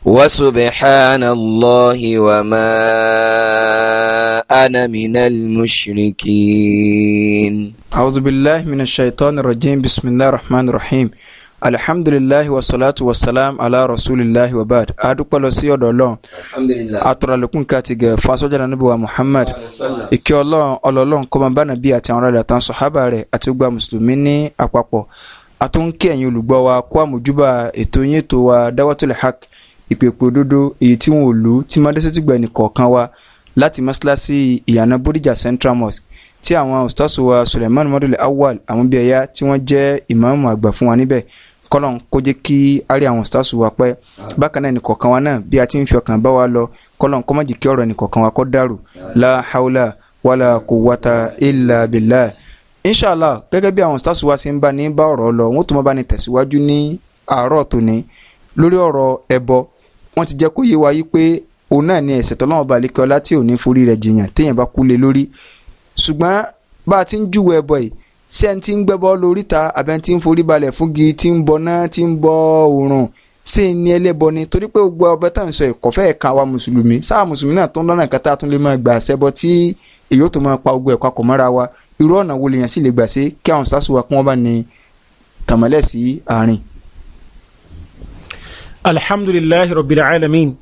وسبحان الله وما أنا من المشركين أعوذ بالله من الشيطان الرجيم بسم الله الرحمن الرحيم alhamdulilahi wasalaatu wasalaam ala rasulilahi wabaad adúpẹ́ lọ sí ọ̀dọ̀ Ọlọ́run atọrọlẹkùn kàtìgẹ fasọjà nàbí wa muhammad ìkẹ́ Ọlọ́run ọlọlọrun kọmọ bánà bíi àti àwọn ọlọlẹ àtàwọn sọhábà rẹ̀ àti gbogbo mùsùlùmí ní àpapọ̀ àtúnkẹ́ ẹ̀yin olùgbọ́ wa kó àmójúbà ètò yín ètò wa dáwọ́tò lè hàk ìpèpè òdodo èyí tí wọn ò lù tí mọ́dẹ́sẹ́tì gbẹ̀ni kọ̀ọ̀kan wa láti mọ́ṣáláṣí ìyànà bódìjà central mosque tí àwọn ustaasu wa suleiman madule awal àwọn bíi ẹ̀yà tí wọ́n jẹ́ ìmáàmù àgbà fún wa níbẹ̀ kọ́lọ̀n kó jẹ́ kí á rí àwọn ustaasu wa pẹ́ bákan náà nìkọ̀ọ̀kan wa náà bí a ti ń fi ọkàn bá wa lọ kọ́lọ̀n kó má kí ọ̀rọ̀ nìkọ̀ọ̀kan wa kó dàrú la haula wala quwwata illa billah inshallah gẹ́gẹ́ bí àwọn ustaasu wa ṣe ń bá ní bá ọ̀rọ̀ lọ wọ́n tún máa bá ní tẹ̀síwájú ní àárọ̀ tòní lórí ọ̀rọ̀ ẹbọ wọ́n ti jẹ́ kó yé wa pé òun náà ni ẹ̀ṣẹ̀ tọ́lọ́wọ́n ba àlékè ọlá tí ò ní forí rẹ̀ jiyàn téèyàn bá kú lé lórí ṣùgbọ́n bá a ti ń júwèé ẹbọ yìí sí ẹni tí ń gbẹ́bọ lóríta àbẹ́ tí ń forí balẹ̀ fún gi tí ń bọ náà tí ń bọ òòrùn sí ni ẹlẹ́bọ ni torí pé gbogbo ọbẹ̀ tá à ń sọ ẹ̀kọ́ fẹ́ẹ̀ kan wa mùsùlùmí sáà mùsùlùmí náà tó ń lọ́nà kẹta tó lè máa gbà ṣẹbọ tí èyí tó máa pa gbogbo ẹ̀kọ́ àkọ́mọ́ra wa irú ọ̀nà wo lèèyàn sì lè gbà ṣe kí àwọn sásùwà kí wọ́n bá ní tàmọ́lẹ̀ sí àárín. الحمد لله رب العالمين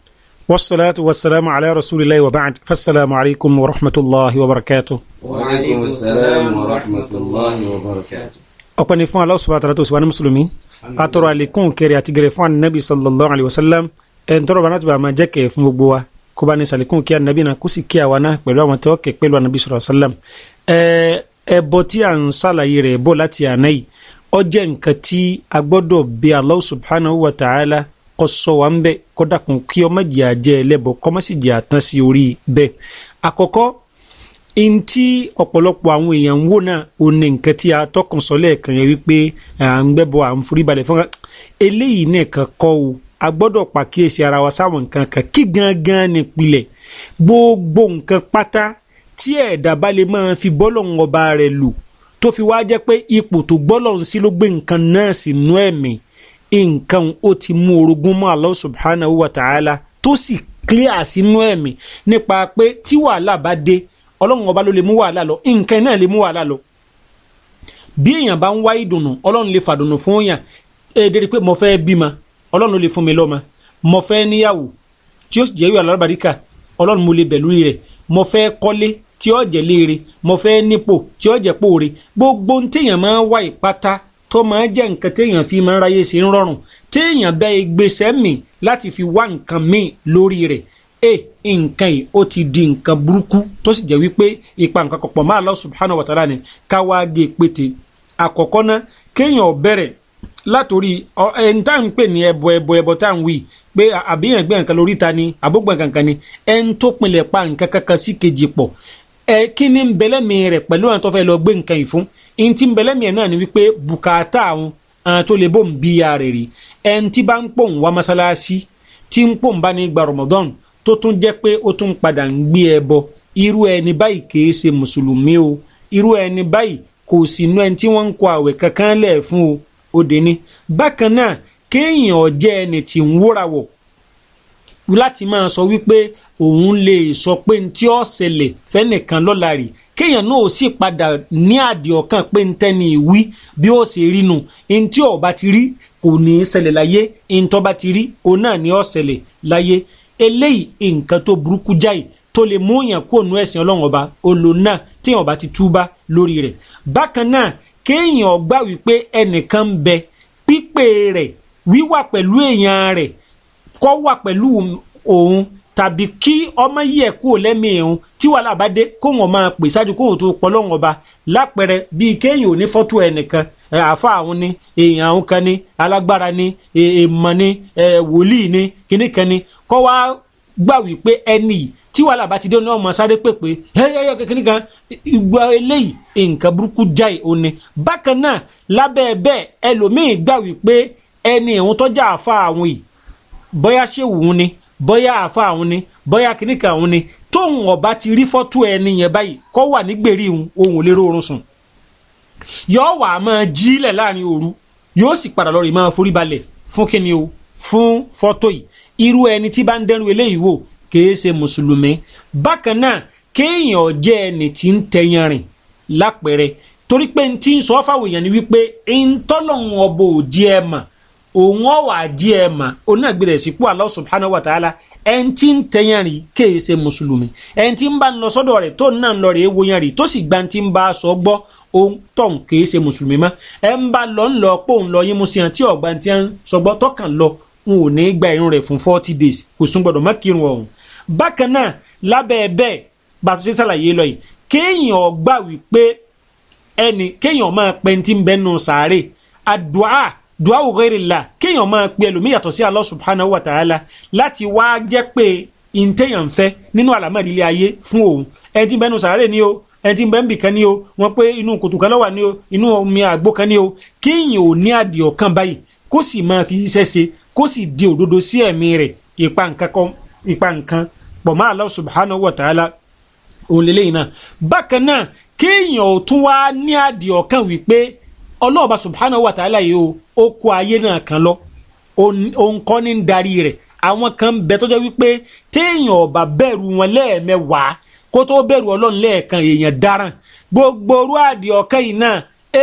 والصلاة والسلام على رسول الله وبعد فالسلام عليكم ورحمة الله وبركاته وعليكم السلام ورحمة الله وبركاته أقني فان الله سبحانه وتعالى سبحانه مسلمين أترى لكم كري أتقري فان النبي صلى الله عليه وسلم أن ترى بنات بما جاك في مبوا كباني سالكم كي النبي نكوسي كي وانا بلوا متوك بلوا النبي صلى الله عليه وسلم ẹbọ tí à ń ṣàlàyé rẹ̀ bọ̀ láti àná yìí ó jẹ́ nǹkan tí a gbọ́dọ̀ bí Allah subhanahu wa ta'ala kó ṣọ́ wa ń bẹ̀ kó dákun kí ó má jẹ́ a jẹ́ ẹlẹ́bọ kó má sì jẹ́ a tán sí orí bẹ́ẹ̀ àkọ́kọ́ n tí ọ̀pọ̀lọpọ̀ àwọn èèyàn ń wò náà ò ní nǹkan tí a tọkàn sọ lẹ́ẹ̀kan yẹn wípé à ń gbẹ́bọ à ń forí balẹ̀ fúnra eléyìí nìkan kọ́ o a pàkíyèsí ara wa sáwọn nǹkan kan kí gangan nípìlẹ̀ gbogbo nǹkan pátá tí ẹ̀dá bá lè máa fi bọ́lọ̀hún ọba rẹ̀ lò tó fi wá jẹ́ pé ipò tó gbọ́lọ̀hún sí ló gbé nǹkan náà sínú ẹ̀mí nǹkan ó ti mú orogún mọ́ Allah subhanahu wa ta'ala tó sì clear sínú ẹ̀mí nípa pé tí wàhálà bá dé ọlọ́run ọba ló lè mú wàhálà lọ nǹkan náà lè mú wàhálà lọ bí èèyàn bá ń wá ìdùnnú ọlọ́run lè fàdùnnú fún yàn èdè rí pé mo fẹ́ bímọ ọlọ́run lè fún mi lọ́mọ mo fẹ́ níyàwó tí ó sì jẹ́ yóò alábàríkà ọlọ́run mo lè bẹ̀ rẹ̀ mo fẹ́ kọ́lé tí ó jẹ́ léere mo fẹ́ nípò tí ó jẹ́ pòore gbogbo ń máa ń wá ìpátá tó máa jẹ́ nǹkan téèyàn fi máa ń ráyè sí ń rọrùn téèyàn ìgbésẹ̀ mi láti fi wá nǹkan mi lórí rẹ̀ e nǹkan yìí ó ti di nǹkan burúkú tó sì jẹ́ wípé ipa nǹkan kọ̀pọ̀ máa Allah subhanahu wa ta'ala ni ká wá gé e pété àkọ́kọ́ ná kéèyàn bẹ̀rẹ̀ látòrí ẹni tá à ń pè ní ẹbọ ẹbọ ẹbọ ta ni àbúgbọ̀n kankan ni ẹni tó pinlẹ̀ pa nǹkan kankan sí kejì pọ̀ n ti bẹ̀lẹ́ mi ẹ̀ náà ni wípé bùkátà àwọn àwọn tó lè bò ń bí ya rẹ̀ rí ẹn tí bá ń pò ń wá mọ́sálásí tí ń pò ń bá ní gba Ramadan tó tún jẹ́ pé ó tún padà ń gbé ẹ bọ irú ẹni báyìí kìí ṣe mùsùlùmí o irú ẹni báyìí kò sí inú ẹni tí wọ́n ń kọ àwẹ̀ kankan lẹ̀ fún o ó dé ní. bákan náà kéèyàn ọ̀jẹ́ ẹni tí ń wóra wọ̀ láti máa sọ wípé òun lè sọ pé ntí ó fẹ́nìkan lọ́la rèé kéèyàn náà ó sì padà ní àdì ọ̀kan pé ń tẹ́ni ìwí bí ó ṣe rí nu ní tí ọba ti rí kò ní í ṣẹlẹ̀ láyé ní tọ́ba ti rí òun náà ní ó ṣẹlẹ̀ láyé eléyìí nǹkan tó burúkú jáì tó lè mú yàn kó nu ẹ̀sìn ọlọ́run ọba olò náà téèyàn ọba ti túbá lórí rẹ̀ bákan náà kéèyàn gbà wípé ẹnìkan ń bẹ pípé rẹ̀ wíwà pẹ̀lú èèyàn rẹ̀ kọ́ wà pẹ̀lú òun tàbí kí ọmọ yìí ẹ̀ kúrò lẹ́mìí ẹ̀hún tí wàhálà bá dé kóhùn ọmọ pè ṣáájú kóhùn tó pọ̀ lọ́hùn ọba lápẹẹrẹ bíi kéèyàn ò ní fọ́tò ẹnìkan àáfà àwọn ni èèyàn àwọn kan ni alágbára ni èèmọ̀ ni wòlíì ni kíní kan ni kọ́ wá gbà wípé ẹni yìí tí wàhálà bá ti dé ní ọmọ sáré pèpè ẹyẹyẹ kékeré kan ìgbà eléyìí nǹkan burúkú jáì òní bákan náà lábẹ́ bẹ́ẹ̀ ẹlòmíì gbà wípé ẹni ìhun tọ́jà àwọn yìí bóyá ṣéwù ni bóyá àfa àwọn ni bóyá kìnnìkan àwọn ni tóun ọba ti rí fọ́tò ẹni yẹn báyìí kọ́ wà nígbèrí òun ò lè rórun sùn yóò wà á máa jílẹ̀ láàrin òru yóò sì padà lọ rè máa forí balẹ̀ fún kíni o fún fọ́tò yìí irú ẹni tí bá ń dẹnu eléyìí wò kìí ṣe mùsùlùmí bákan náà kéèyàn jẹ́ ẹni tí ń tẹyan rìn lápẹẹrẹ torí pé ti ń sọ fáwọn èèyàn ni wípé ń tọ́lọ́hún òdi ẹ̀ mà òun ọ̀wà jí ẹ mà òun náà gbèrè sípò Allah subhanahu wa ta'ala ẹn tí ń tẹyàn rí kéè ṣe mùsùlùmí ẹn tí ń bá ń lọ sọ́dọ̀ rẹ̀ tó náà ń lọ rẹ̀ ewo yẹn rí tó sì gba ti ń bá a sọ gbọ́ òun tọ̀hún kéè ṣe mùsùlùmí mọ́ ẹ bá lọ ń lọ pé òun lọ yín mu sí hàn tí ọ̀gbà ti ń sọgbọ́ tọkàn lọ n ò ní gba irun rẹ̀ fún forty days kò sún gbọdọ̀ má kírun ọ̀hún. bákan náà lábẹ́ bẹ́ẹ̀ bàtú ṣe ṣàlàyé lọ yìí kéèyàn gbà wípé ẹnì kéèyàn máa pẹ́ ti ń bẹ́nu sàárè àdúà duawu ghairila kéèyàn máa pe ẹlòmíì yàtọ̀ sí Allah subhanahu wa ta'ala láti wá jẹ́ pé ìǹtẹ̀yàn fẹ́ nínú àlámọ̀rí ilé ayé fún òun ẹni tí ń bẹnu sàárè ni o ẹni tí ń bẹ́ńbì kan ni o wọ́n pé inú kòtò kan lọ́wà ni o inú omi àgbo kan ni o kéèyàn ò ní àdìọ̀ kan báyìí kó sì máa fi iṣẹ́ ṣe kó sì di òdodo sí ẹ̀mí rẹ̀ ipa nǹkan pọ̀ mọ́ Allah subhanahu wa ta'ala òun lélẹ́yìn náà bákan náà kéèyàn ò tún wá ní àdìọ̀ kan wípé ọlọ́ọ̀ba subhanahu wa ta'ala yìí o ó kó ayé náà kan lọ òun kọ́ ní ń darí rẹ̀ àwọn kan bẹ tó jẹ́ wípé téèyàn ọba bẹ̀rù wọn lẹ́ẹ̀mẹwàá kó tó bẹ̀rù ọlọ́run lẹ́ẹ̀kan èèyàn dáràn gbogbo orú àdì ọ̀kẹ́ yìí náà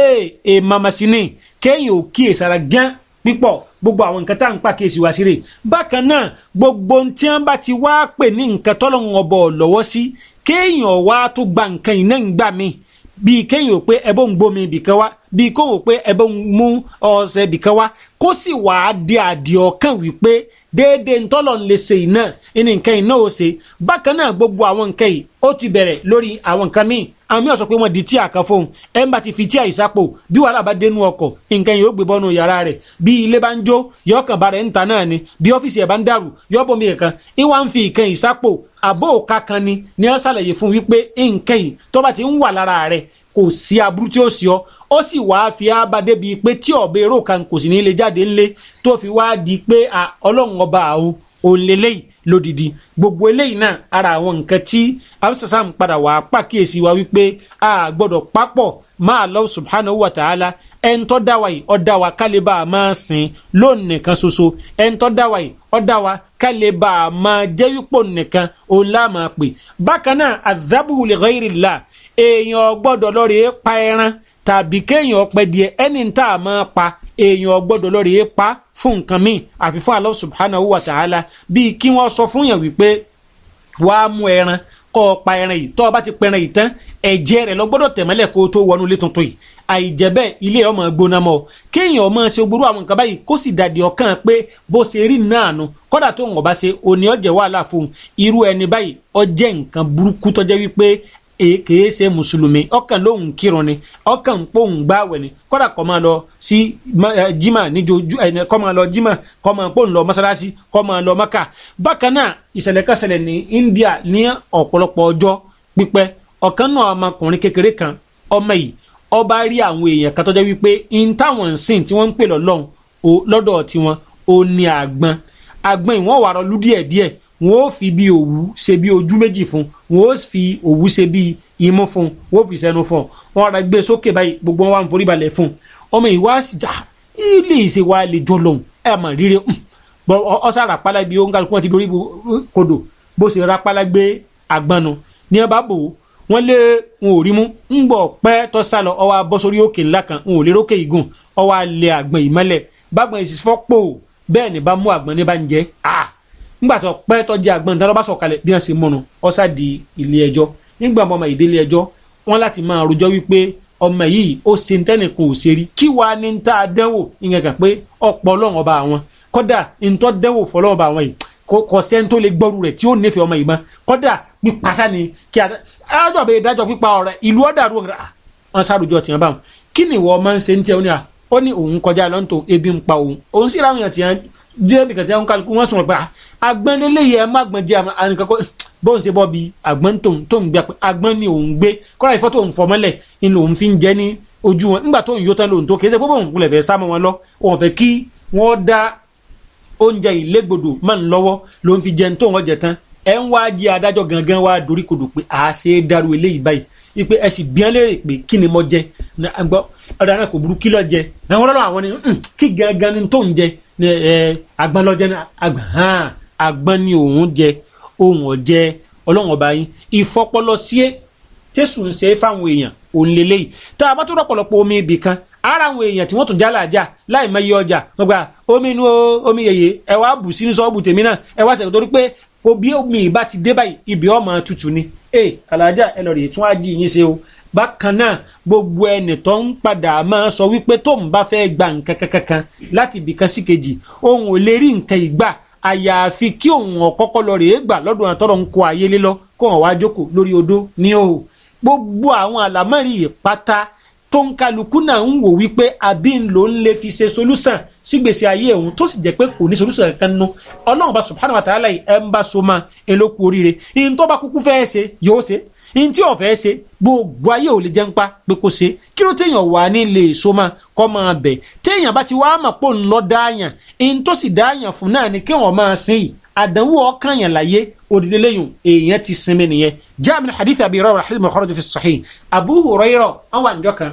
ee ee mamasi ni kéèyàn ò kíyèsára gán pípọ̀ gbogbo àwọn nǹkan tá à ń pàkíyèsí wá síre bákan náà gbogbo tí wọn bá ti wá pè ní nǹkan tọ́lọ́run ọbọ̀ lọ́wọ́ sí kéèyàn wá tó gba nǹkan yìí náà ń gbà mí bíi kéèyàn ò pé ẹbọ ń gbómi ibìkan wá bíi kó wò pé ẹbẹ ń mú ọsẹ ibìkan wá kó sì wàá di àdìẹ ọkàn wípé déédéé ntọ́lọ̀ ń lè ṣe iná ní nǹkan iná ò ṣe bákan náà gbogbo àwọn nǹkan yìí ó ti bẹ̀rẹ̀ lórí àwọn nǹkan míì àwọn mìíràn sọ pé wọ́n di tí àkàn fóun ẹ̀ ti fi tí àìsàpò bí wàhálà bá dénú ọkọ̀ nǹkan yìí ó gbé bọ́nu yàrá rẹ̀ bí ilé bá ń jó yọ ni bí ọ́fíìsì ẹ̀ bá ń dàrú yọ fi ni ni wọ́n ṣàlàyé fún wípé nǹkan yìí tó bá kò sí aburú tí ó sì ọ ó sì wáá fi ába débi pé tí ọ̀bẹ èrò kan kò sì ní lè jáde ńlé tó fi wáá di pé ọlọ́run ọba àwọn òǹlẹ́lẹ́yìí lódìdí gbogbo eléyìí náà ara àwọn nǹkan tí abisasam padà wàá pàkíyèsí wa wípé a gbọ́dọ̀ papọ̀ máa Allah subhanahu wa ta'ala ẹ̀ńtọ́ dá wa yìí ọ̀dá wa kálí bá a máa sìn lónìí nìkan ṣoṣo ẹ̀ńtọ́ dá wa yìí ọ̀dá wa kálí bá a máa jẹ́ wípò nìkan òun láà máa pè. bákan náà àdábùhù li ghayrillah èèyàn gbọ́dọ̀ lọ́ọ̀rẹ́ pa ẹran tàbí kéèyàn pẹ́ díẹ̀ ẹni tá a máa pa èèyàn gbọ́dọ̀ lọ́ọ̀rẹ́ pa fún nǹkan míì àfi fún Allah subhanahu wa ta'ala bíi kí wọ́n sọ fún yàn wípé wàá mú ẹran kọ́ ọ pa ẹran yìí tọ́ ọ bá ti pẹran yìí tán ẹ̀jẹ̀ rẹ̀ lọ gbọ́dọ̀ tẹ̀mẹ́lẹ̀ kó o tó wọnú ilé tuntun yìí àìjẹ́bẹ́ ilé ọmọ gbóná mọ́ kéèyàn ọmọ ṣe gbúrú àwọn nǹkan báyìí kó sì dàdí ọkàn pé bó ṣe rí náà nu kódà tó ń wọ̀ bá ṣe òní ọ̀jẹ̀ wàhálà fún un irú ẹni báyìí ó jẹ́ nǹkan burúkú tó wípé E kìí ese musulumi ọkàn lóhùn kírun ni ọkàn pòhùn gbáwẹ̀ ni kódà kọ́ máa lọ sí eh, jimá níjojú eh, kọ́ máa lọ jimá kọ́ máa pòhùn lọ masalasi kọ́ máa lọ maka bákan náà ìṣẹ̀lẹ̀ kan ṣẹlẹ̀ ní India ní ọ̀pọ̀lọpọ̀ ọjọ́ pípẹ́ ọ̀kan náà ọmọkùnrin kékeré kan ọmọ yìí ọba rí àwọn èèyàn kan tó jẹ́ wípé in táwọn ń sìn tí wọ́n ń pè lọ́lọ́run lọ́dọ̀ tiwọn ó ní àgbọn àgbọn ìwọ̀n wàrọ̀ lú díẹ̀díẹ̀ wọn ó fi bí òwú ṣe bí ojú méjì fún wọn ó fi òwú ṣe bí imú fún wọn ó fi sẹ́nu fún wọn ara gbé e sókè báyìí gbogbo wọn wà ń forí balẹ̀ fún ọmọ ìwá síjà ilé ìṣe wa lè jọ lòun ẹ mà rírẹ hmm. bọ ọsà rapala bí ó ń kálukú wọn ti dorí uh, kodò bó ṣe rapala gbé àgbọnu ní ẹ bá bò ó wọn lé wọn ò rí mú ń bọ̀ pẹ́ tó sá lọ ọwọ́ abọ́ sórí òkè ńlá kan wọn ò lè rókè ìgùn ọwọ́ alẹ́ àgbọn ìmọ́lẹ̀ bágbọn ìsìfọ́pọ̀ ah nígbà tó pẹ́ tó jẹ́ àgbọn ìdáná bá sọ̀kalẹ̀ bí wọ́n ṣe mọ̀nà ọ̀sà di ilé ẹjọ́ nígbà wọn ọmọ ìdílé ẹjọ́ wọn láti máa rojọ́ wípé ọmọ yìí ó ṣe ntẹ́nì kan ò ṣe rí kí wàá ní ta dánwò ìyẹn kan pé ọ̀pọ̀ ọlọ́run ọba àwọn kọ́dà ntọ́ dánwò fọlọ́run ọba àwọn yìí kò sẹ́ni tó lè gbọ́rù rẹ̀ tí ó nífẹ̀ẹ́ ọmọ yìí mọ́ kọ́dà pípasá ni kí adájọ́ àbẹ̀ ìdájọ́ pípa ọ̀rẹ́ ìlú ọ̀dàrú ọ̀gá wọn sáròjọ́ tiẹ̀ báwọn kí ni ìwọ ọmọ ń ṣe ń tẹ ọ́nà ó ní òun kọjá lọ́ntò ebi ń pa òun òun sì ráwọn èèyàn tiẹ̀ díẹ̀ nìkan tiẹ̀ kálukú wọ́n sùn ọ̀gbà agbẹ́nlélé yẹ ẹ má gbọ́n jẹ́ ànìkan kó bóun ṣe bọ́ bi àgbọ́n tó ń gbé àgbọ́n ni òun gbé kọ́ra ìfọ́ tó ń fọmọ́lẹ̀ ni lòun fi ń jẹ́ ní ojú wọn nígbà tó ń yó tán lòun tó kì í ṣe pé bóun kulẹ̀ fẹ́ sá mọ́ wọn lọ òun fẹ́ kí wọ́n dá oúnjẹ ìlégbodò máa ń lọ́wọ́ lòun fi jẹun tó wọ́n jẹ tán ẹ̀ ń wá jẹ adájọ́ gangan wá dorí kodò pé a ṣe é dárú eléyìí báyìí ipe ẹ sì bíán léèrè pé kí ni mo jẹ gbọ́ ọ̀dà náà kò burú kí lọ jẹ àwọn ọlọ́run àwọn ni mm, mm, kí gangan ni tó ń jẹ àgbọn lọ jẹ àgbọn hàn àgbọn ni òun jẹ òun ọ̀jẹ ọlọ́run ọba yín ìfọpọlọ sí é tẹ̀sù ń ṣe é fáwọn èèyàn òun lélẹ́yìí tá a bá tó rọpọlọpọ omi ibì kan ara àwọn èèyàn tí wọ́n tún jálà jà láì mọ iye ọjà wọ́n gba omi inú omi yèyè ẹ wá bù sínú sọ́ọ̀bù tèmi náà ẹ wá sẹ̀kọ́ torí pé obi omi ìbá ti dé báyìí ibi ọmọ tutù ni ẹ alájà ẹ lọ rèé tún ájì yín ṣe o bákan náà gbogbo ẹnì tó ń padà máa sọ wípé tóun bá fẹ́ gba nǹkan kankan láti ibìkan sí kejì òun ò lè rí nǹkan ìgbà àyàfi kí òun ọ̀kọ́kọ́ lọ rèé gbà lọ́dún àtọ́rọ̀ ń kó ayé lé lọ kó wọn wá jókòó lórí odó ní òhò gbogbo àwọn àlámọ́rì pátá tó ń kálukú náà ń wò wípé àbí ń lò ń lè fi ṣe solúsàn sígbèsè ayé òun tó sì jẹ́ pé kò ní solúsọ kankan nù ọlọ́run bá subhanahu wa ta'ala yìí ẹ̀ ń bá so máa ẹ̀ ló kú oríire ìyẹn tó bá kúkú fẹ́ẹ́ ṣe yóò ṣe ìyẹn tí ò fẹ́ẹ́ ṣe gbogbo ayé ò lè jẹ́ ń pa pé kò ṣe kí ló téèyàn wà ní lè so máa kọ́ máa bẹ̀ téèyàn bá ti wá mà pò ń lọ dáàyàn ìyẹn sì dáàyàn fún náà ni kéwọn máa sìn yìí àdánwò ọkàn yàn láyé òdìdí lẹ́yìn èèyàn ti sinmi nìyẹn jaa hadith abi rọrọ hadith mọ̀kọ́rọ̀ tó fi sahih Abu Hurairah àwọn àǹjọ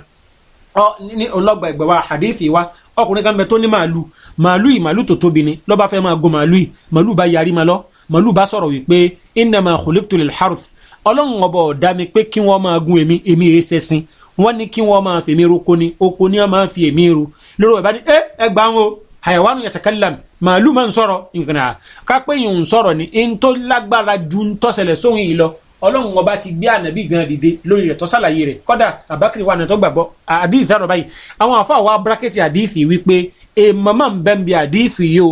ọ ní ọlọ́gba ìgbà wa hadith wa ọkùnrin kan bẹ tó ní màálù màálù yìí màálù tó tóbi ni lọ́ba fẹ́ máa gun màálù yìí màálù bá yarí ma lọ màálù bá sọ̀rọ̀ wípé innama khuliqtu lil harth ọlọ́run ọba ọ̀dá mi pé kí wọ́n máa gun èmi èmi èé e sẹ́sìn wọ́n ní kí wọ́n máa fèmí roko ni oko ni wọ́n máa fi èmi ro lórí ọ̀bá ni ẹ ẹ gbà ń o hayawanu yatakallam màálù máa ń sọ̀rọ̀ nǹkan kápẹ́yìn ń sọ̀rọ̀ ni ń lágbára ju ń sóhun yìí lọ ọlọ́run ọba ti gbé ànábì gan dìde lórí rẹ̀ tó sàlàyé rẹ̀ kọ́dà àbákiri wa nàtọ́ gbàgbọ́ àdìs àrọ̀ báyìí àwọn àfa àwa bírákẹ́tì àdìs wípé èèmọ̀ máa ń bẹ́ẹ̀ bí àdìs yìí o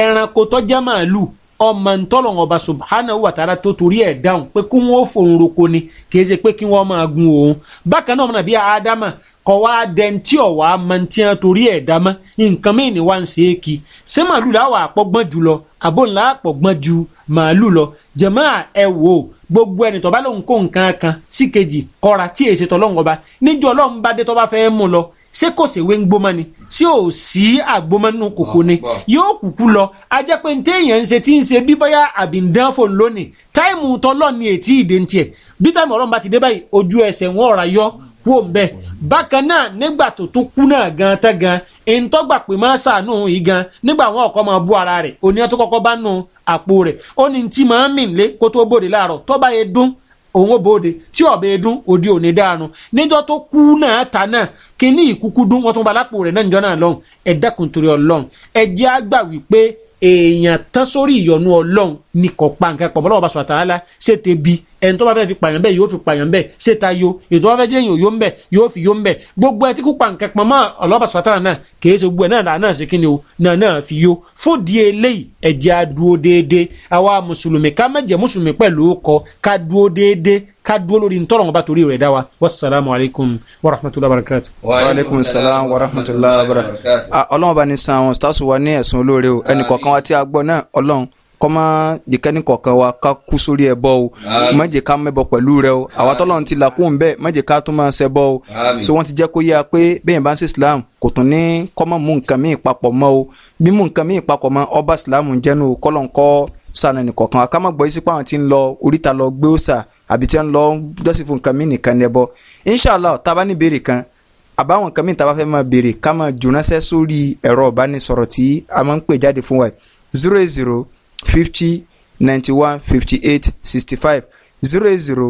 ẹranko tó jẹ́ màálù ọmọ ntọ́lọ̀ ọba subhanahu wa ta'ala tó torí ẹ̀ dáhùn pé kí wọ́n fòun roko ni kì í ṣe pé kí wọ́n máa gun òun bákan náà ọmọnàbí ádámà kọ wá dẹ́ntì ọ̀wá mọ̀ntíyàn torí ẹ̀ dámọ́ nǹkan mìíràn ni wá ń ṣe é kí ṣé màálù láwà àpọ̀gbọ́n jù lọ àbò ńlá àpọ̀gbọ́n ju màálù lọ jẹ̀mọ́ ẹ wò ó gbogbo ẹni tó bá lóun kó nǹkan kan sí kọ́ra tí èsì tọ́lọ́run ọba níjọ́ ọlọ́run bá dé tó fẹ́ mú lọ ṣé kò ṣèwé ń gbómọ ni ṣé ò sí àgbómọnú kòkó ni yóò kúkú lọ ajẹ́ pé ní téèyàn ń ṣe tí ń ṣe bí bóyá àbíndán fòun lónìí táìmù tọ́lọ́ ni ètí ìdè ń tiẹ̀ bí táìmù ọ̀rọ̀ bá ti dé báyìí ojú ẹsẹ̀ wọn ọ̀rá yọ kú òun bẹ́ẹ̀ bákan náà nígbà tó tún kú náà gan tán gan ìǹtọ́gbà pé máa ṣàánú yìí gan nígbà wọn ọkọ máa bú ara rẹ̀ oníyàn òun ó bóde tí ọ̀bẹ dún òde òní dáanu níjọ́ tó kú náà ta náà kíní ìkúkú dún wọ́n tún ba lápò rẹ̀ náà níjọ́ náà lọ́hùn ẹ dákun torí Ọlọ́hun ẹ jẹ́ àgbà wípé èèyàn tán sórí ìyọnu ọlọ́run ní kò pa nǹkan pọ̀ bọ́lọ́wọ́ bá sọ̀rọ̀ tààlà ṣé te bi ẹni tó bá fẹ́ fi pààyàn bẹ́ẹ̀ yóò fi pààyàn bẹ́ẹ̀ ṣé ta yo èyí tó bá fẹ́ jẹ́ èèyàn yóò ń bẹ̀ yóò fi yóò ń bẹ̀ gbogbo ẹ tí pa nǹkan pọ̀ mọ́ ọlọ́wọ́ bá sọ̀rọ̀ tààlà náà kì ṣe gbogbo ẹ náà náà ṣe kí o náà náà fi yo fún di eléyìí ẹ̀jẹ̀ á dúró déédéé àwa mùsùlùmí ká má mùsùlùmí pẹ̀lú ọkọ̀ ká dúró déédéé ká dúró lórí ntọ́rọ̀ ọba torí rẹ̀ dá wa wasalaamu alaykum wa rahmatulahi wa barakatu. wa aleykum salaam wa rahmatulahi wa barakatu. Ah, ọlọ́run bá ní san àwọn sitasi wa ní ẹ̀sùn olóore o ẹnì kọ̀ọ̀kan wa tí a gbọ́ náà ọlọ́run kọ́má jẹ́kẹ́ ní kọ̀ọ̀kan wa ká kú sórí ẹ bọ́ o má ká mẹ́bọ pẹ̀lú rẹ o àwa tọ́lọ́run ti là kóun bẹ́ẹ̀ má ká tún máa ṣẹ bọ́ o tí wọ́n ti jẹ́ kó yá pé bẹ́ẹ̀ bá ń ṣe Islam kò tún ní kọ́mọ mú nǹkan míì papọ̀ mọ́ o bí mú nǹkan míì papọ̀ mọ́ ọba Islam jẹ́nu kọ́lọ́nkọ́ sànà nìkọ̀ọ̀kan akámọ̀gbọ́ yìí sí àwọn ti ń lọ oríta lọ gbé ó sà àbí tí wọ́n lọ jọ́sìn fún nǹkan mí nìkan ní ẹbọ inshallah taba ní béèrè kan àbáwọn nǹkan mí taba fẹ́ máa béèrè ká máa jùnásẹ́ sórí ẹ̀rọ ìbánisọ̀rọ̀ tí a máa ń pè jáde fún wa zero eight zero fifty ninety one fifty eight sixty five zero eight zero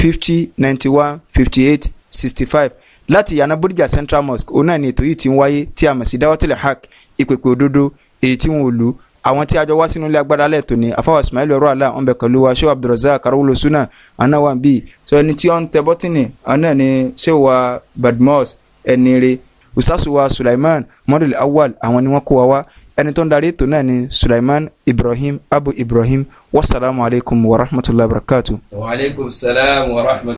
fifty ninety one fifty eight sixty five láti yàrá bódìjà central mosque òun náà ni ètò yìí ti ń wáyé tí a mọ̀ sí dáwọ́tìlẹ̀ hack ìpèpè òdodo èyí tí wọn ò lù ú àwọn tí a jọ wá sínú ilé agbára alẹ́ tòní afáwà ismail ọ̀rọ̀ àlà ọ̀nbẹ pẹ̀lú wa ṣé abdulrasaq karolo suna àná wa bíi sọ ẹni tí ó tẹ bọ́tìnì àná ni ṣé wa badmus ẹni re usasuwa sulaiman mọ́dúlì awal àwọn ni wọ́n kó wa wá ẹni tó ń darí ètò náà ni sulaiman ibrahim abu ibrahim wasalaamualeykum wa rahmatulahi wa barakatu. wa